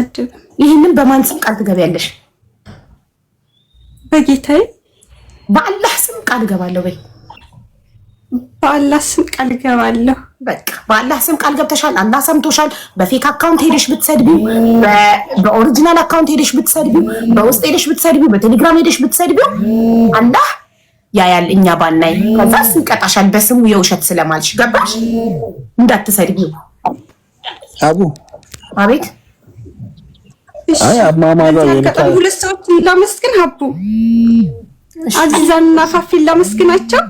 አትሳደብም። ይህንን በማን ስም ቃል ትገቢያለሽ? በጌታዬ በአላህ ስም ቃል እገባለሁ በይ። በአላህ ስም ቃል እገባለሁ። በቃ በአላህ ስም ቃል ገብተሻል። አላህ ሰምቶሻል። በፌክ አካውንት ሄደሽ ብትሰድቢው፣ በኦሪጂናል አካውንት ሄደሽ ብትሰድቢው፣ በውስጥ ሄደሽ ብትሰድቢው፣ በቴሌግራም ሄደሽ ብትሰድቢው አላህ ያያል። እኛ ባናይ ከዛ ይቀጣሻል። በስሙ የውሸት ስለማልሽ ገባሽ? እንዳትሰድቢው አቡ አቤት ሰዎች ላመስግን፣ ሀቡ አዚዛንና ፋፊን ላመስግናቸው።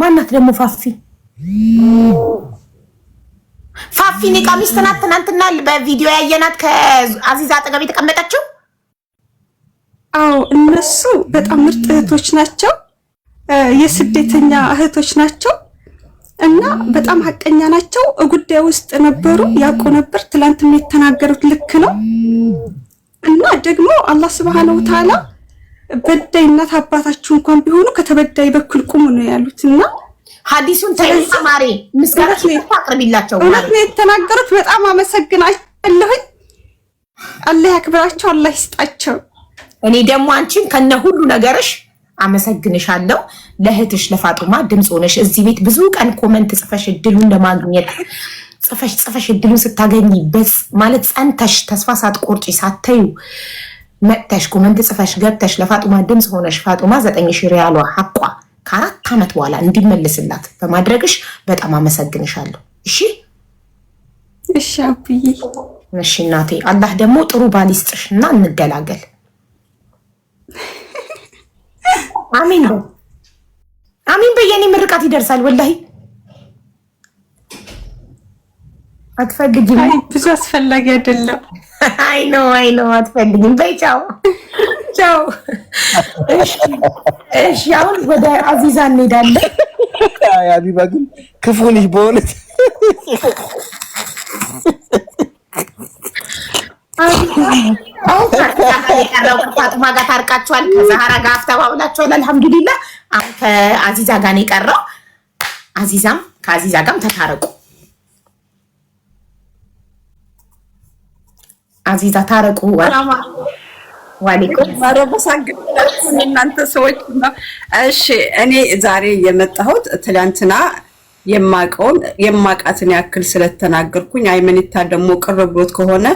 ማናት ደግሞ ፋፊ? ፋፊ ኔቃ ሚስት ናት። ትናንትና በቪዲዮ ያየናት ከአዚዛ አጠገብ የተቀመጠችው። አዎ እነሱ በጣም ምርጥ እህቶች ናቸው፣ የስደተኛ እህቶች ናቸው እና በጣም ሀቀኛ ናቸው። ጉዳይ ውስጥ ነበሩ፣ ያውቁ ነበር። ትላንትም የተናገሩት ልክ ነው። እና ደግሞ አላህ ስብሐነሁ ወተዓላ በዳይ እናት አባታችሁ እንኳን ቢሆኑ ከተበዳይ በኩል ቁሙ ነው ያሉት እና ሐዲሱን ተይማሪ ምስጋና አቅርቢላቸው እውነት ነው የተናገሩት። በጣም አመሰግናለሁኝ። አላህ ያክብራቸው፣ አላህ ይስጣቸው። እኔ ደግሞ አንቺን ከነ ሁሉ ነገርሽ አመሰግንሻለሁ። ለእህትሽ ለፋጡማ ድምፅ ሆነሽ እዚህ ቤት ብዙ ቀን ኮመንት ጽፈሽ እድሉን ለማግኘት ጽፈሽ ጽፈሽ እድሉ ስታገኝ ማለት ጸንተሽ ተስፋ ሳትቆርጪ ሳተዩ መጥተሽ ኮመንት ጽፈሽ ገብተሽ ለፋጡማ ድምፅ ሆነሽ ፋጡማ ዘጠኝ ሺ ሪያሏ ሀቋ ከአራት ዓመት በኋላ እንዲመልስላት በማድረግሽ በጣም አመሰግንሻለሁ። እሺ እሺ አብዬ እሺ እናቴ። አላህ ደግሞ ጥሩ ባል ይስጥሽ እና እንገላገል። አሚን አሚን። በየኔ ምርቃት ይደርሳል ወላሂ አትፈልጊም። ብዙ አስፈላጊ አይደለም። አይ ነው አይ አትፈልጊም። በይ ቻው ቻው። እሺ አሁን ወደ አዚዛ እንሄዳለን። አቢባ ግን ክፉ ነሽ በእውነት ጋር ታርቃችኋል። ጋር አፍተባብላችኋል። አሁን ከአዚዛ ጋር ነው የቀረው። አዚዛም ከአዚዛ ጋርም ተታረቁ። አዚዛ ታረቁ። እናንተ ሰዎች እሺ። እኔ ዛሬ የመጣሁት ትላንትና የማቀውን የማቃትን ያክል ስለተናገርኩኝ አይመኒታ ደግሞ ቅር ብሎት ከሆነ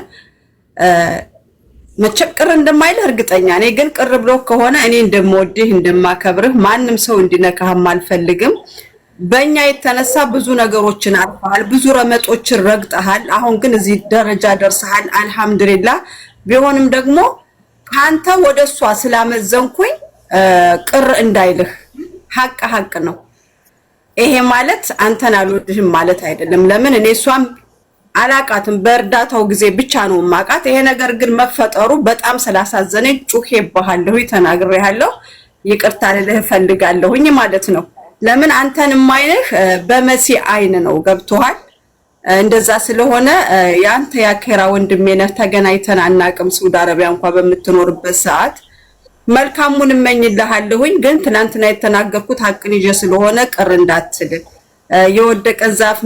መቼም ቅር እንደማይልህ እርግጠኛ እኔ ግን ቅር ብሎት ከሆነ እኔ እንደምወድህ እንደማከብርህ ማንም ሰው እንዲነካህም አልፈልግም። በእኛ የተነሳ ብዙ ነገሮችን አልፈሃል፣ ብዙ ረመጦችን ረግጠሃል። አሁን ግን እዚህ ደረጃ ደርሰሃል። አልሐምድሊላ ቢሆንም ደግሞ ከአንተ ወደ እሷ ስላመዘንኩኝ ቅር እንዳይልህ፣ ሀቅ ሀቅ ነው። ይሄ ማለት አንተን አልወድህም ማለት አይደለም። ለምን እኔ እሷም አላቃትም በእርዳታው ጊዜ ብቻ ነው ማቃት። ይሄ ነገር ግን መፈጠሩ በጣም ስላሳዘነኝ ጩሄ ባሃለሁ ተናግሬ ይቅርታ ልልህ እፈልጋለሁኝ ማለት ነው። ለምን አንተን የማይነህ በመሲ አይን ነው ገብቶሃል። እንደዛ ስለሆነ የአንተ ያኬራ ወንድሜ ነህ። ተገናኝተን አናቅም። ሳውዲ አረቢያ እንኳ በምትኖርበት ሰዓት መልካሙን እመኝልሃለሁኝ። ግን ትናንትና የተናገርኩት ሀቅን ይዤ ስለሆነ ቅር እንዳትል። የወደቀ ዛፍ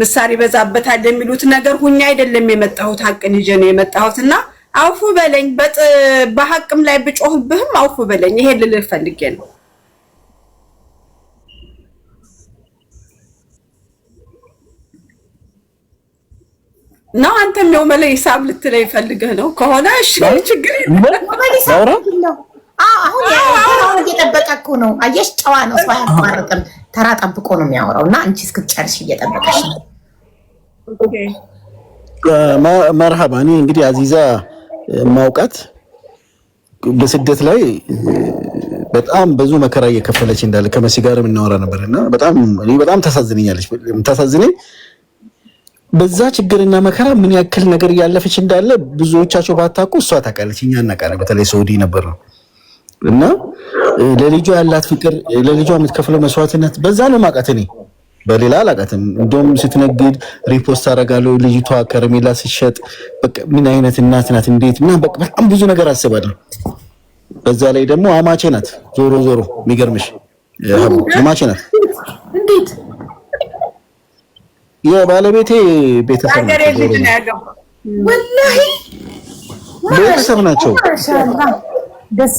ምሳር ይበዛበታል የሚሉት ነገር ሁኛ አይደለም የመጣሁት ሀቅን ይዤ ነው የመጣሁት እና አውፉ በለኝ። በሀቅም ላይ ብጮህብህም አውፉ በለኝ። ይሄ ልልህ ፈልጌ ነው። ነው አንተ ነው መለይሳብ ልትለይ ፈልገህ ነው ከሆነ እሺ፣ ችግር የለም መለይሳብ አሁን ያው እየጠበቀ እኮ ነው። አየሽ፣ ጨዋ ነው ሰው አያቋርጥም። ተራ ጠብቆ ነው የሚያወራው እና አንቺ እስክትጨርሽ እየጠበቀሽ ነው። መርሃባ። እኔ እንግዲህ አዚዛ ማውቃት በስደት ላይ በጣም ብዙ መከራ እየከፈለች እንዳለ ከመሲ ጋርም እናወራ ነበር እና በጣም በጣም ታሳዝነኛለች። ታሳዝነኝ በዛ ችግርና መከራ ምን ያክል ነገር እያለፈች እንዳለ ብዙዎቻቸው ባታውቁ እሷ ታውቃለች፣ እኛ እናውቃለን። በተለይ ሰውዲ ነበር ነው እና ለልጇ ያላት ፍቅር፣ ለልጇ የምትከፍለው መስዋዕትነት በዛ ነው ማውቃት። እኔ በሌላ አላውቃትም። እንዲሁም ስትነግድ ሪፖስት አደርጋለሁ። ልጅቷ ከረሜላ ስትሸጥ ምን አይነት እናት ናት እንዴት እና በጣም ብዙ ነገር አስባለሁ። በዛ ላይ ደግሞ አማቼ ናት። ዞሮ ዞሮ የሚገርምሽ አማቼ ናት። የባለቤቴ ቤተሰብ ቤተሰብ ናቸው።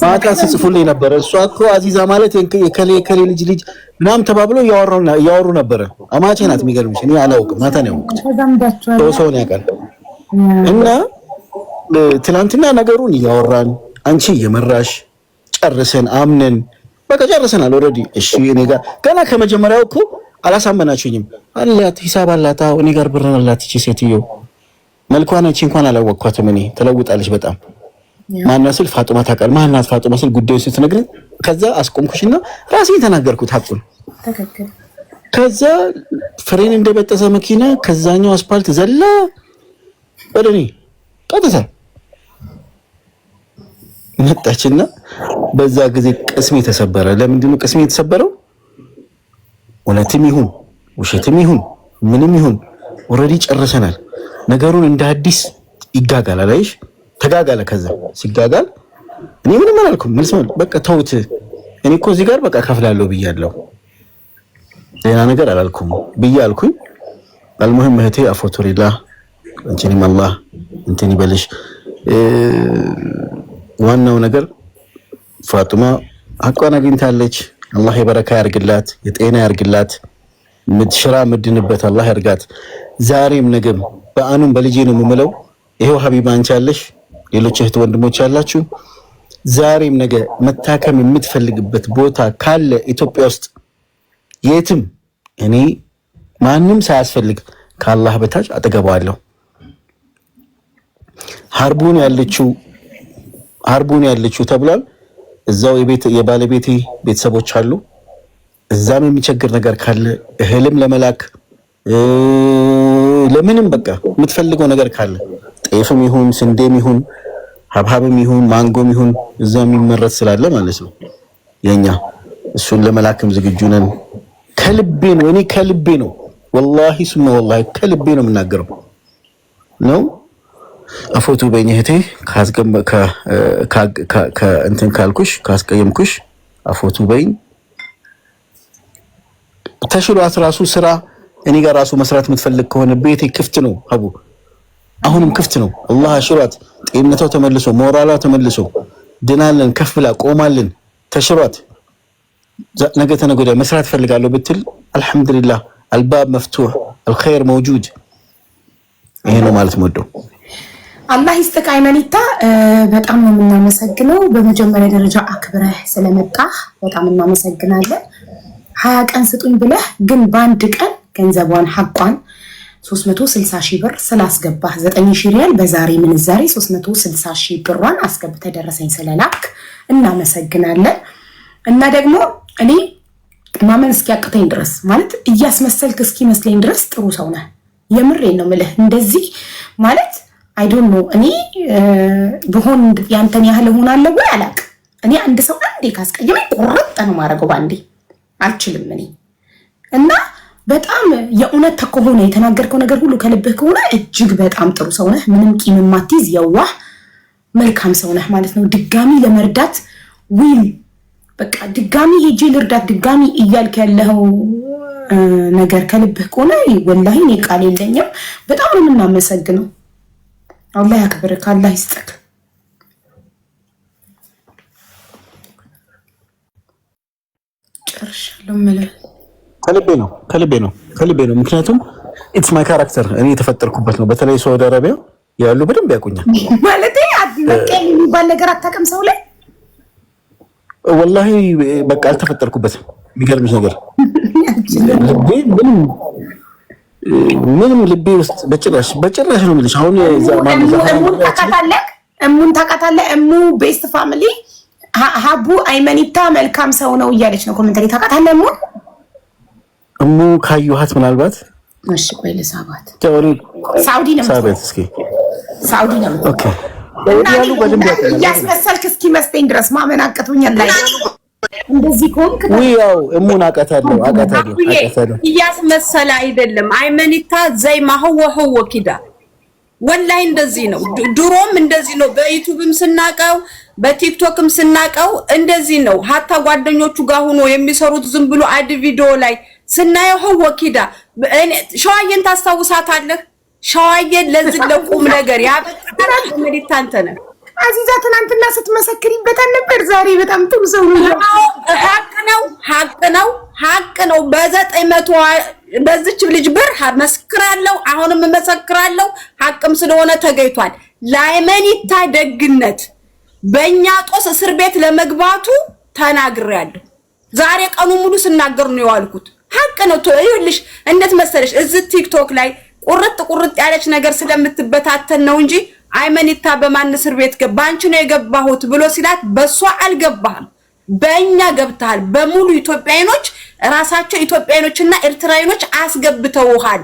ማታ ስጽፉልኝ ነበረ። እሷ እኮ አዚዛ ማለት የከሌ የከሌ ልጅ ልጅ ምናምን ተባብሎ እያወሩ ነበረ። አማቼ ናት። የሚገርምሽ እኔ አላውቅም። ማታ ነው ያወቅኩት። ሰው ሰውን ያውቃል። እና ትናንትና ነገሩን እያወራን አንቺ እየመራሽ ጨርሰን አምነን በቃ ጨርሰናል ኦልሬዲ። እሺ እኔ ጋር ገና ከመጀመሪያው እኮ አላሳመናችሁኝም። አላት ሂሳብ አላታ እኔ ጋር ብርን አላት። እቺ ሴትዮ መልኳን እቺ እንኳን አላወቅኳትም እኔ ትለውጣለች በጣም ማና ስል ፋጡማ ታውቃል። ማናት ፋጡማ ስል ጉዳዩ ስትነግረኝ ከዛ አስቆምኩሽና ራሴ የተናገርኩት ሀቁን። ከዛ ፍሬን እንደበጠሰ መኪና ከዛኛው አስፓልት ዘላ ወደ እኔ ቀጥታ መጣችና በዛ ጊዜ ቅስሜ ተሰበረ። ለምንድነው ቅስሜ የተሰበረው? እውነትም ይሁን ውሸትም ይሁን ምንም ይሁን ኦልሬዲ ጨርሰናል። ነገሩን እንደ አዲስ ይጋጋል። አላይሽ ተጋጋለ። ከዛ ሲጋጋል እኔ ምንም አላልኩም። መልስ በቃ ተውት። እኔ እኮ እዚህ ጋር በቃ ከፍላለሁ ብያለሁ። ሌላ ነገር አላልኩም ብዬ አልኩኝ። አልሙሂም እህቴ አፎቶሪላ እንችንም አላህ እንትን ይበልሽ። ዋናው ነገር ፋጡማ አቋን አግኝታለች። አላህ የበረካ ያርግላት፣ የጤና ያርግላት፣ ምትሽራ ምድንበት አላህ ያርጋት። ዛሬም ነገም በአኑም በልጄ ነው የምምለው። ይሄው ሀቢባ አንቺ አለሽ፣ ሌሎች እህት ወንድሞች አላችሁ። ዛሬም ነገ መታከም የምትፈልግበት ቦታ ካለ ኢትዮጵያ ውስጥ የትም እኔ ማንም ሳያስፈልግ ከአላህ በታች አጠገባለሁ። ሀርቡን ያለችው ሀርቡን ያለችው ተብሏል። እዛው የባለቤቴ ቤተሰቦች አሉ። እዛም የሚቸግር ነገር ካለ እህልም ለመላክ ለምንም በቃ የምትፈልገው ነገር ካለ ጤፍም ይሁን ስንዴም ይሁን ሀብሀብም ይሁን ማንጎም ይሁን እዛ የሚመረት ስላለ ማለት ነው የኛ እሱን ለመላክም ዝግጁ ነን። ከልቤ ነው እኔ ከልቤ ነው ወላሂ ስሙ ወላሂ ከልቤ ነው የምናገረው ነው አፎቱ በኝ እህቴ እንትን ካልኩሽ ካስቀየምኩሽ አፎቱ በኝ ተሽሏት ራሱ ስራ እኔ ጋር ራሱ መስራት የምትፈልግ ከሆነ ቤቴ ክፍት ነው። አቡ አሁንም ክፍት ነው። አላህ አሽሯት፣ ጤንነቷ ተመልሶ፣ ሞራሏ ተመልሶ፣ ድናለን፣ ከፍ ብላ ቆማልን፣ ተሽሯት ነገ ተነገ ወዲያ መስራት ፈልጋለሁ ብትል አልሐምዱሊላህ አልባብ መፍቱህ አልኸይር መውጁድ። ይሄ ነው ማለት ወደው አላህ ይስጥህ አይመኒታ፣ በጣም ነው የምናመሰግነው። በመጀመሪያ ደረጃ አክብረህ ስለመጣህ በጣም እናመሰግናለን። ሀያ ቀን ስጡኝ ብለህ ግን በአንድ ቀን ገንዘቧን ሀቋን 360 ሺህ ብር ስላስገባህ 9 ሺህ ሪያል በዛሬ ምንዛሬ 360 ሺህ ብሯን አስገብተ ደረሰኝ ስለላክ እናመሰግናለን። እና ደግሞ እኔ ማመን እስኪያቅተኝ ድረስ ማለት እያስመሰልክ እስኪመስለኝ ድረስ ጥሩ ሰው ነህ። የምሬን ነው ምልህ እንደዚህ ማለት አይዶን ነው እኔ ብሆን ያንተን ያህል እሆናለሁ ወይ አላቅ። እኔ አንድ ሰው አንዴ ካስቀየመኝ ቆረጠ ነው ማድረገው። ባንዴ አልችልም እኔ እና በጣም የእውነት ከሆነ የተናገርከው ነገር ሁሉ ከልብህ ከሆነ እጅግ በጣም ጥሩ ሰው ነህ። ምንም ቂም የማትይዝ የዋህ መልካም ሰው ነህ ማለት ነው። ድጋሚ ለመርዳት ዊል በቃ ድጋሚ ሄጄ ልርዳት ድጋሚ እያልክ ያለው ነገር ከልብህ ከሆነ ወላሂ እኔ ቃል የለኝም። በጣም ነው የምናመሰግነው። አላህ ያክብርክ፣ አላህ ይስጥክ። ከልቤ ነው ከልቤ ነው ከልቤ ነው። ምክንያቱም ኢትስ ማይ ካራክተር እኔ የተፈጠርኩበት ነው። በተለይ ሳውዲ አረቢያ ያሉ በደንብ ያውቁኛል። ማለት መቀየም የሚባል ነገር አታውቅም ሰው ላይ ወላሂ በቃ አልተፈጠርኩበትም። የሚገርምሽ ነገር ልቤ ምንም ምንም ልቤ ውስጥ በጭራሽ በጭራሽ ነው የምልሽ። አሁን እሙን ታውቃታለህ፣ እሙን ታውቃታለህ። እሙ ቤስት ፋሚሊ ሀቡ አይመኒታ መልካም ሰው ነው እያለች ነው ኮመንተሪ። ታውቃታለህ እሙን እሙ ካየኋት ምናልባት እሺ፣ ቆይ ልሳባት። ሳውዲ ነው ሳውዲ ነው። ኦኬ እያስመሰልክ እስኪ መስጠኝ ድረስ ማመን አቅቶኛል ላይ እንደዚህ ከሆንክ ያው እሙን አቀታለሁ አቀታለሁ አቀታለሁ እያስመሰለ አይደለም። አይመኒታ ዘይ ማህወ ህወ ኪዳ ወላሂ እንደዚህ ነው። ድሮም እንደዚህ ነው። በዩቲዩብም ስናቀው በቲክቶክም ስናቀው እንደዚህ ነው። ሀታ ጓደኞቹ ጋር ሆኖ የሚሰሩት ዝም ብሎ አድ ቪዲዮ ላይ ስናየው ህወ ኪዳ ሸዋዬን ታስታውሳታለህ? ሸዋዬን ለዚህ ለቁም ነገር ያበቃ መዲታ አንተ ነህ አዚዛ ትናንትና ስትመሰክሪበታል ነበር። ዛሬ በጣም ጥሩ ሰው ነው። ሀቅ ነው፣ ሀቅ ነው፣ ሀቅ ነው። በዘጠኝ መቶ በዚች ልጅ ብር መስክራለሁ፣ አሁንም መሰክራለሁ። ሀቅም ስለሆነ ተገኝቷል። ላይመኒታ ደግነት በእኛ ጦስ እስር ቤት ለመግባቱ ተናግሬያለሁ። ዛሬ ቀኑ ሙሉ ስናገር ነው የዋልኩት። ሀቅ ነው። ይኸውልሽ እንዴት መሰለሽ እዚህ ቲክቶክ ላይ ቁርጥ ቁርጥ ያለች ነገር ስለምትበታተን ነው እንጂ አይመኒታ በማን እስር ቤት ገባ? ነው የገባሁት ብሎ ሲላት በእሷ አልገባህም፣ በእኛ ገብተሃል። በሙሉ ኢትዮጵያኖች ራሳቸው ኢትዮጵያኖችና ኤርትራኖች አስገብተውሃል።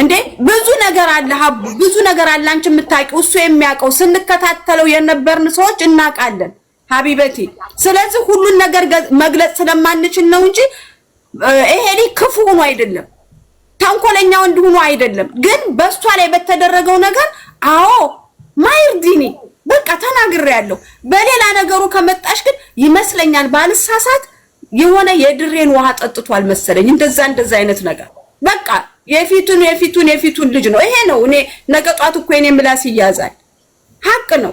እንዴ ብዙ ነገር አለ ሀቡ፣ ብዙ ነገር አለ። አንቺ የምታውቂው እሱ የሚያውቀው ስንከታተለው የነበርን ሰዎች እናውቃለን ሀቢበቴ። ስለዚህ ሁሉን ነገር መግለጽ ስለማንችል ነው እንጂ ይሄ ክፉ ሆኖ አይደለም። ተንኮለኛው እንዲሆኑ አይደለም፣ ግን በእሷ ላይ በተደረገው ነገር አዎ ማይርዲኒ በቃ ተናግሬያለሁ። በሌላ ነገሩ ከመጣሽ ግን ይመስለኛል ባልሳሳት የሆነ የድሬን ውሃ ጠጥቷል መሰለኝ፣ እንደዛ እንደዛ አይነት ነገር በቃ የፊቱን የፊቱን የፊቱን ልጅ ነው ይሄ ነው። እኔ ነገ ጧት እኮ የኔ ምላስ ይያዛል። ሀቅ ነው።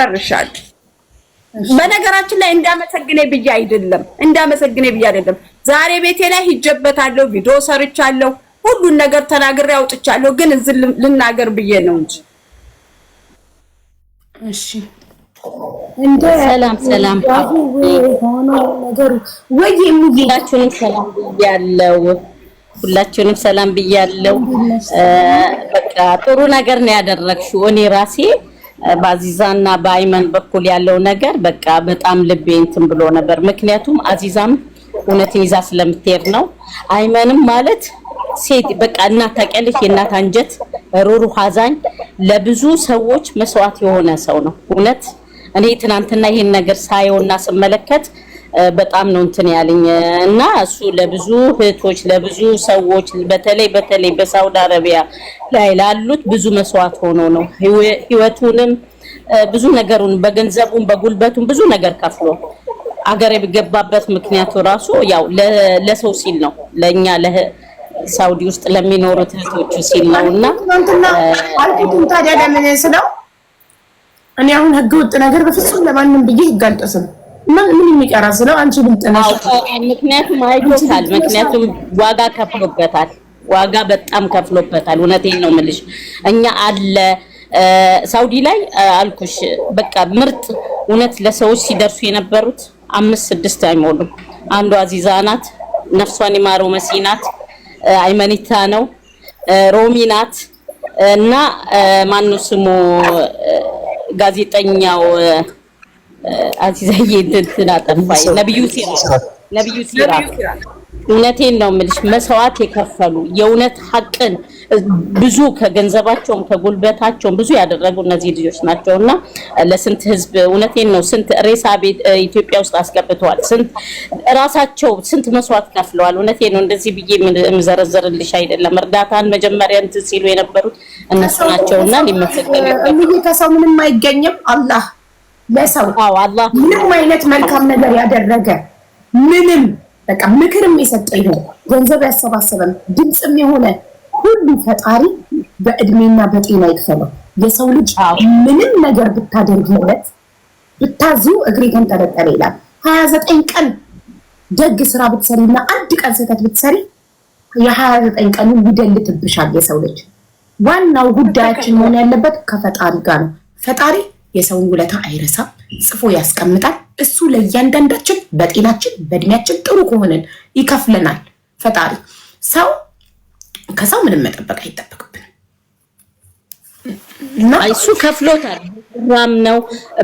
ጨርሻለሁ። በነገራችን ላይ እንዳመሰግኔ ብዬ አይደለም፣ እንዳመሰግኔ ብዬ አይደለም። ዛሬ ቤቴ ላይ ሂጀበታለሁ፣ ቪዲዮ ሰርቻለሁ፣ ሁሉን ነገር ተናግሬ አውጥቻለሁ። ግን እዚህ ልናገር ብዬ ነው እንጂ እሺ እንደ ሰላም ሰላም ሆኖ ነገሩ ወይ ሁላችሁንም ሰላም ብያለው። ሁላችሁንም ሰላም ብያለሁ። በቃ ጥሩ ነገር ነው ያደረግሽው። እኔ ራሴ በአዚዛና በአይመን በኩል ያለው ነገር በቃ በጣም ልቤ እንትን ብሎ ነበር። ምክንያቱም አዚዛም እውነት ይዛ ስለምትሄድ ነው። አይመንም ማለት ሴት በቃ እናት ታውቂያለሽ፣ የእናት አንጀት ሩሩህ አዛኝ፣ ለብዙ ሰዎች መስዋዕት የሆነ ሰው ነው። እውነት እኔ ትናንትና ይሄን ነገር ሳየውና ስመለከት በጣም ነው እንትን ያለኝ እና እሱ ለብዙ እህቶች ለብዙ ሰዎች በተለይ በተለይ በሳውዲ አረቢያ ላይ ላሉት ብዙ መስዋዕት ሆኖ ነው ህይወቱንም ብዙ ነገሩን በገንዘቡም በጉልበቱም ብዙ ነገር ከፍሎ አገር የገባበት ምክንያቱ ራሱ ያው ለሰው ሲል ነው፣ ለእኛ ሳውዲ ውስጥ ለሚኖሩት እህቶቹ ሲል ነው። እና አልኩትም ታዲያ ለምን ስለው እኔ አሁን ህገ ወጥ ነገር በፍጹም ለማንም ብዬ ህግ አልጠስም። ምን ምን የሚቀራ ስለው አንቺ ልምጥነሽ። ምክንያቱም አይቶታል። ምክንያቱም ዋጋ ከፍሎበታል። ዋጋ በጣም ከፍሎበታል። እውነቴን ነው የምልሽ እኛ አለ ሳውዲ ላይ አልኩሽ በቃ ምርጥ እውነት ለሰዎች ሲደርሱ የነበሩት አምስት ስድስት አይሞሉም። አንዷ አዚዛ ናት፣ ነፍሷን ይማረው መሲ ናት፣ አይመኒታ ነው፣ ሮሚ ናት እና ማኑ ስሙ ጋዜጠኛው አዚዛዬ እንትን አጠፋኝ፣ ነብዩ ሲራ ነብዩ ሲራ። እውነቴን ነው የምልሽ መስዋዕት የከፈሉ የእውነት ሀቅን ብዙ ከገንዘባቸውም ከጉልበታቸውም ብዙ ያደረጉ እነዚህ ልጆች ናቸው እና ለስንት ህዝብ እውነቴን ነው ስንት ሬሳ ቤት ኢትዮጵያ ውስጥ አስገብተዋል። ስንት ራሳቸው ስንት መስዋዕት ከፍለዋል። እውነቴን ነው እንደዚህ ብዬ የምዘረዘርልሽ አይደለም። እርዳታን መጀመሪያ እንትን ሲሉ የነበሩት እነሱ ናቸው እና ሊመሰገን ከሰው ምንም አይገኝም። አላህ ለሰው ምንም አይነት መልካም ነገር ያደረገ ምንም በቃ ምክርም የሰጠ ይሆን ገንዘብ ያሰባሰበም ድምፅም የሆነ ሁሉ ፈጣሪ በእድሜና በጤና ይክፈለው። የሰው ልጅ ምንም ነገር ብታደርግለት ብታዚው እግሬ ተንጠለጠለ ይላል። ሀያ ዘጠኝ ቀን ደግ ስራ ብትሰሪ እና አንድ ቀን ስህተት ብትሰሪ የሀያ ዘጠኝ ቀኑ ይደልትብሻል። የሰው ልጅ ዋናው ጉዳያችን መሆን ያለበት ከፈጣሪ ጋር ነው። ፈጣሪ የሰውን ውለታ አይረሳም፣ ጽፎ ያስቀምጣል። እሱ ለእያንዳንዳችን በጤናችን በእድሜያችን ጥሩ ከሆንን ይከፍለናል ፈጣሪ ሰው ከሰው ምንም መጠበቅ አይጠበቅብንም። እሱ ከፍሎታል ራም ነው።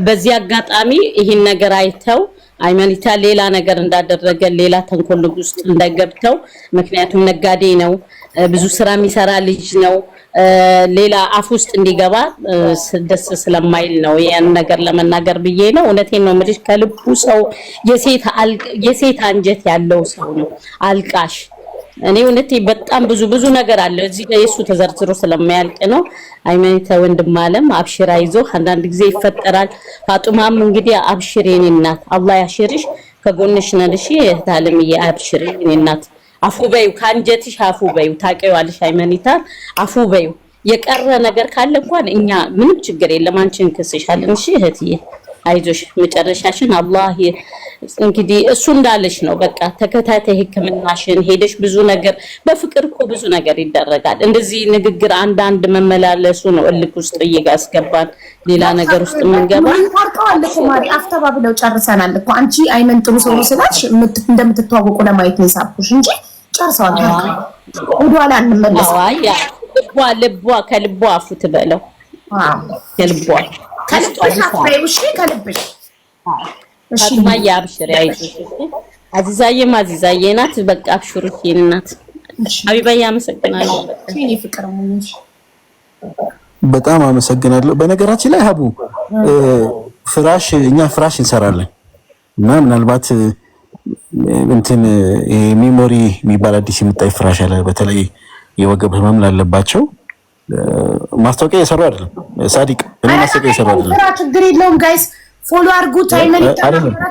በዚህ አጋጣሚ ይህን ነገር አይተው አይመኒታ ሌላ ነገር እንዳደረገ ሌላ ተንኮል ውስጥ እንዳይገብተው። ምክንያቱም ነጋዴ ነው፣ ብዙ ስራ የሚሰራ ልጅ ነው። ሌላ አፍ ውስጥ እንዲገባ ደስ ስለማይል ነው ያን ነገር ለመናገር ብዬ ነው። እውነቴን ነው የምልሽ። ከልቡ ሰው የሴት አንጀት ያለው ሰው ነው፣ አልቃሽ እኔ እውነቴ በጣም ብዙ ብዙ ነገር አለ እዚህ ጋር የሱ ተዘርዝሮ ስለማያልቅ ነው። አይመኒተ ወንድም አለም አብሽራ ይዞ አንዳንድ ጊዜ ይፈጠራል። ፋጡማም እንግዲህ አብሽር የኔ እናት አላህ ያሽርሽ፣ ከጎንሽ ነልሽ። እሺ እህት አለምዬ አብሽር የኔ እናት አፉ በይው፣ ከአንጀትሽ አፉ በይው። ታውቂዋለሽ አይመኒታ አፉ በይው። የቀረ ነገር ካለ እንኳን እኛ ምንም ችግር የለም አንቺ እንክስሻለን። እሺ እህትዬ አይዞሽ መጨረሻሽን አላህ እንግዲህ እሱ እንዳለሽ ነው። በቃ ተከታታይ ሕክምናሽን ሄደሽ ብዙ ነገር በፍቅር እኮ ብዙ ነገር ይደረጋል። እንደዚህ ንግግር አንዳንድ መመላለሱ ነው እልክ ውስጥ እያስገባን ሌላ ነገር ውስጥ የምንገባ ማሪ አፍተባ ብለው ጨርሰናል እኮ አንቺ አይመን ጥሩ ሰው ስላልሽ እንደምትተዋወቁ ለማየት ነው የሳብኩሽ እንጂ ጨርሰዋል። ወደኋላ እንመለስ። ልቧ ልቧ ከልቧ አፉ ትበለው ከልቧ ከልጦሽ አፍሬው እሺ፣ ከልብሽ አጥማያ አብሽር። አዚዛዬም አዚዛዬ ናት። በቃ አብሽሩ የኔ እናት አቢባዬ። አመሰግናለሁ በጣም አመሰግናለሁ። በነገራችን ላይ ሀቡ ፍራሽ እኛ ፍራሽ እንሰራለን እና ምናልባት እንትን ሜሞሪ የሚባል አዲስ የሚጣይ ፍራሽ አለ። በተለይ የወገብ ህመም ላለባቸው ማስታወቂያ የሰሩ አይደለም። ሳዲቅ እኔ ማስታወቂያ የሰሩ አይደለም። ችግር የለውም ጋይስ ፎሎ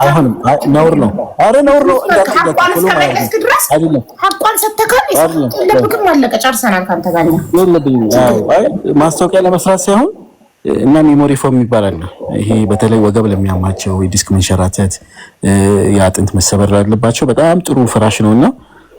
አይሆንም፣ ነውር ነው። አረ ነውር ነው። ሀቋን ሰተካል ለብቅም አለቀ። ጨርሰናል። ከአንተ ጋር ማስታወቂያ ለመስራት ሳይሆን እና ሜሞሪ ፎም ይባላል። ይሄ በተለይ ወገብ ለሚያማቸው የዲስክ መንሸራተት፣ የአጥንት መሰበር ላለባቸው በጣም ጥሩ ፍራሽ ነው እና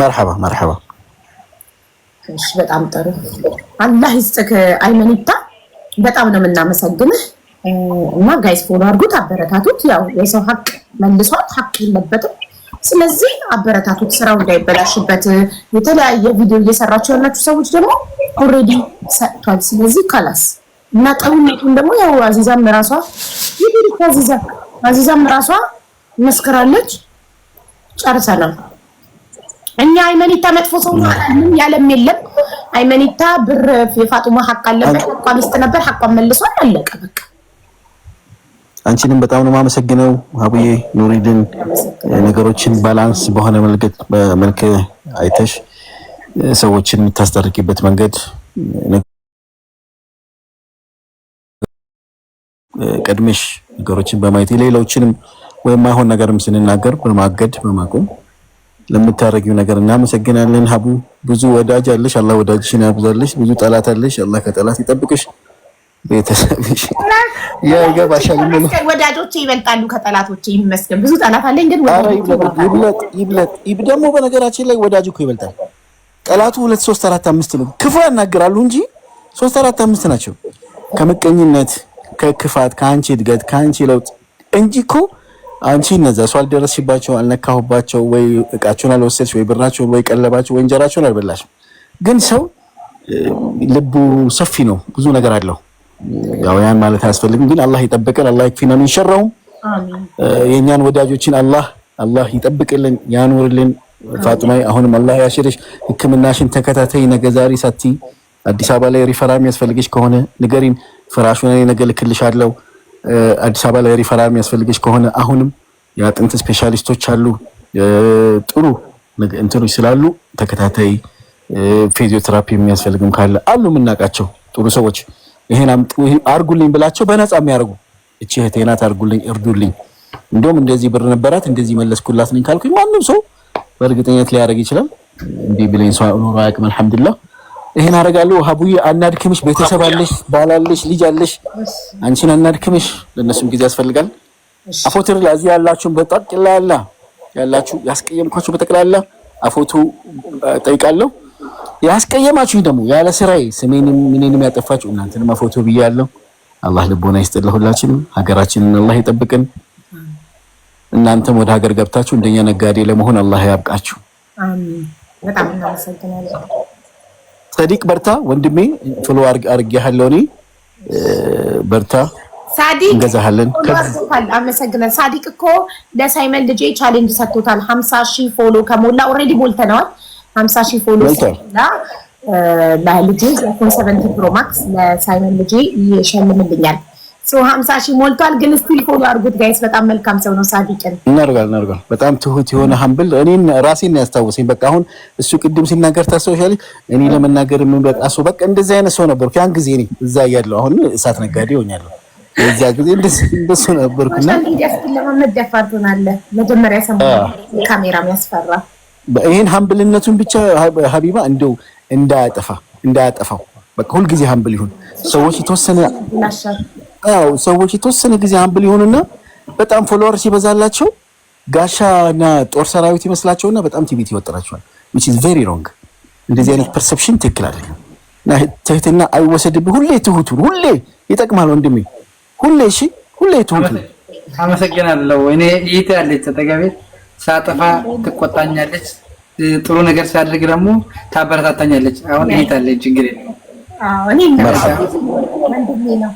መርሐባ መርሐባ። እሺ፣ በጣም ጥሩ። አላህ ይስጥህ አይመኒታ። በጣም ነው የምናመሰግንህ። እና ጋይስ ፎሎ አድርጉት፣ አበረታቱት። ያው የሰው ሀቅ መልሷል፣ ሀቅ የለበትም። ስለዚህ አበረታቱት፣ ስራው እንዳይበላሽበት። የተለያየ ቪዲዮ እየሰራችሁ ያላችሁ ሰዎች ደግሞ ኦልሬዲ ሰጥቷል። ስለዚህ ካላስ እና ጥሩነቱን ደግሞ ያው አዚዛም ራሷ ይሄን አዚዛ አዚዛም ራሷ መስክራለች። ጨርሰናል። እኛ አይመኒታ መጥፎ ሰው ነው ያለም የለም። አይመኒታ ብር የፋጡማ ሐቅ አለበት። ሐቋ ሚስት ነበር፣ ሐቋ መልሷል። አለቀ በቃ። አንቺንም በጣም ነው የማመሰግነው አቡዬ ኑሪድን ነገሮችን ባላንስ በሆነ መልክ አይተሽ ሰዎችን የምታስጠርቂበት መንገድ ቅድምሽ ነገሮችን በማየት ሌሎችንም ወይም ማይሆን ነገርም ስንናገር በማገድ በማቆም ለምታደርጊው ነገር እናመሰግናለን። ሀቡ ብዙ ወዳጅ አለሽ፣ አላህ ወዳጅሽን ያብዛልሽ። ብዙ ጠላት አለሽ፣ አላህ ከጠላት ይጠብቅሽ። ቤተሰብሽ የገባሻል። ወዳጆቼ ይበልጣሉ ከጠላቶቼ ይመስገን። ብዙ ጠላት አለኝ ግን ይብለጥ ይብለጥ። ደግሞ በነገራችን ላይ ወዳጅ እኮ ይበልጣል። ጠላቱ ሁለት ሶስት አራት አምስት ነው። ክፉ ያናግራሉ እንጂ ሶስት አራት አምስት ናቸው ከምቀኝነት ከክፋት ከአንቺ እድገት ከአንቺ ለውጥ እንጂ እኮ አንቺ እነዛ ሰው አልደረስሽባቸው አልነካሁባቸው ወይ እቃቸውን አልወሰድሽ ወይ ብራቸውን ወይ ቀለባቸው ወይ እንጀራቸውን አልበላሽም። ግን ሰው ልቡ ሰፊ ነው፣ ብዙ ነገር አለው። ያው ያን ማለት አያስፈልግም። ግን አላህ ይጠብቀን፣ አላህ ይክፊና ሚን ሸረሁም። የእኛን ወዳጆችን አላህ አላህ ይጠብቅልን፣ ያኑርልን። ፋጥማይ አሁንም አላህ ያሽርሽ። ህክምናሽን ተከታታይ ነገ ዛሬ ሳቲ አዲስ አበባ ላይ ሪፈራ የሚያስፈልግሽ ከሆነ ንገሪን። ፍራሹን እኔ ነገ ልክልሻለሁ። አዲስ አበባ ላይ ሪፈራል የሚያስፈልገች ከሆነ አሁንም የአጥንት ስፔሻሊስቶች አሉ። ጥሩ እንትኖች ስላሉ ተከታታይ ፊዚዮቴራፒ የሚያስፈልግም ካለ አሉ የምናውቃቸው ጥሩ ሰዎች። ይሄን አርጉልኝ ብላቸው በነፃ የሚያደርጉ እቺ እህቴ ናት። አርጉልኝ፣ እርዱልኝ፣ እንዲሁም እንደዚህ ብር ነበራት እንደዚህ መለስኩላት ነኝ ካልኩኝ ማንም ሰው በእርግጠኛት ሊያደርግ ይችላል። እንዲህ ብለኝ ሰው ኖሮ አያውቅም። አልሐምዱሊላህ ይሄን አደርጋለሁ። ሀቡዬ አናድክምሽ፣ ቤተሰብ አለሽ፣ ባል አለሽ፣ ልጅ አለሽ። አንቺን አናድክምሽ፣ ለእነሱም ጊዜ ያስፈልጋል። አፎትር እዚህ ያላችሁን በጠቅላላ ያላችሁ ያስቀየምኳችሁ በጠቅላላ አፎቱ ጠይቃለሁ። ያስቀየማችሁ ደግሞ ያለ ስራዬ ስሜንም ምንንም ያጠፋችሁ እናንተንም አፎቱ ብያለሁ። አላህ ልቦና ይስጥልን ሁላችንም። ሀገራችንን አላህ ይጠብቅን። እናንተም ወደ ሀገር ገብታችሁ እንደኛ ነጋዴ ለመሆን አላህ ያብቃችሁ። አሜን። በጣም እናመሰግናለን። ሰዲቅ በርታ ወንድሜ፣ ቶሎ አድርጌሃለሁ። እኔ በርታ ሳዲቅ እንገዛሃለን። አመሰግናል። ሳዲቅ እኮ ለሳይመን ልጄ ቻሌንጅ ሰጥቶታል። ሀምሳ ሺህ ፎሎ ከሞላ ኦልሬዲ ሞልተነዋል። ሀምሳ ሺህ ፎሎ ሞልተና ለልጄ ዘፎን ሰቨንቲ ማክስ ለሳይመን ልጄ ይሸልምልኛል። ሰው ሀምሳ ሺህ ሞልቷል። ግን እስቲል ፎሎ አድርጉት ጋይስ። በጣም መልካም ሰው ነው። ሳዲቅን እናርጋል እናርጋል። በጣም ትሁት የሆነ ሀምብል እኔን ራሴን ያስታውሰኝ። በቃ አሁን እሱ ቅድም ሲናገር ታስታውሻለሽ? እኔ ለመናገር የምንበጣ ሰው በቃ እንደዚህ አይነት ሰው ነበርኩ ያን ጊዜ እኔ እዛ እያለሁ። አሁን እሳት ነጋዴ ሆኛለሁ። እዛ ጊዜ እንደሱ ነበርኩና ይህን ሀምብልነቱን ብቻ ሀቢባ እንደው እንዳያጠፋ እንዳያጠፋው በቃ ሁልጊዜ ሀምብል ይሁን ሰዎች የተወሰነ አዎ ሰዎች የተወሰነ ጊዜ አምብል ይሆንና በጣም ፎሎወር ሲበዛላቸው ጋሻ እና ጦር ሰራዊት ይመስላቸውና በጣም ቲቪት ይወጥራቸዋል። ዊች is very ሮንግ። እንደዚህ አይነት ፐርሰፕሽን ትክክል አይደለም። እና ትህትና አይወሰድብህ። ሁሌ ትሁቱን ሁሌ ይጠቅማል ወንድሜ፣ ሁሌ እሺ፣ ሁሌ ትሁቱን። አመሰግናለሁ። እኔ ይህት ያለች ተጠጋቤ ሳጠፋ ትቆጣኛለች፣ ጥሩ ነገር ሲያደርግ ደግሞ ታበረታታኛለች። አሁን ይሄት ያለች ችግር የለም። እኔ ነው ወንድሜ ነው